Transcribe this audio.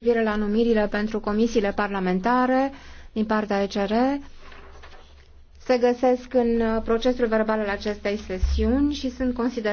privire la numirile pentru comisiile parlamentare din partea ECR se găsesc în uh, procesul verbal al acestei sesiuni și sunt considerate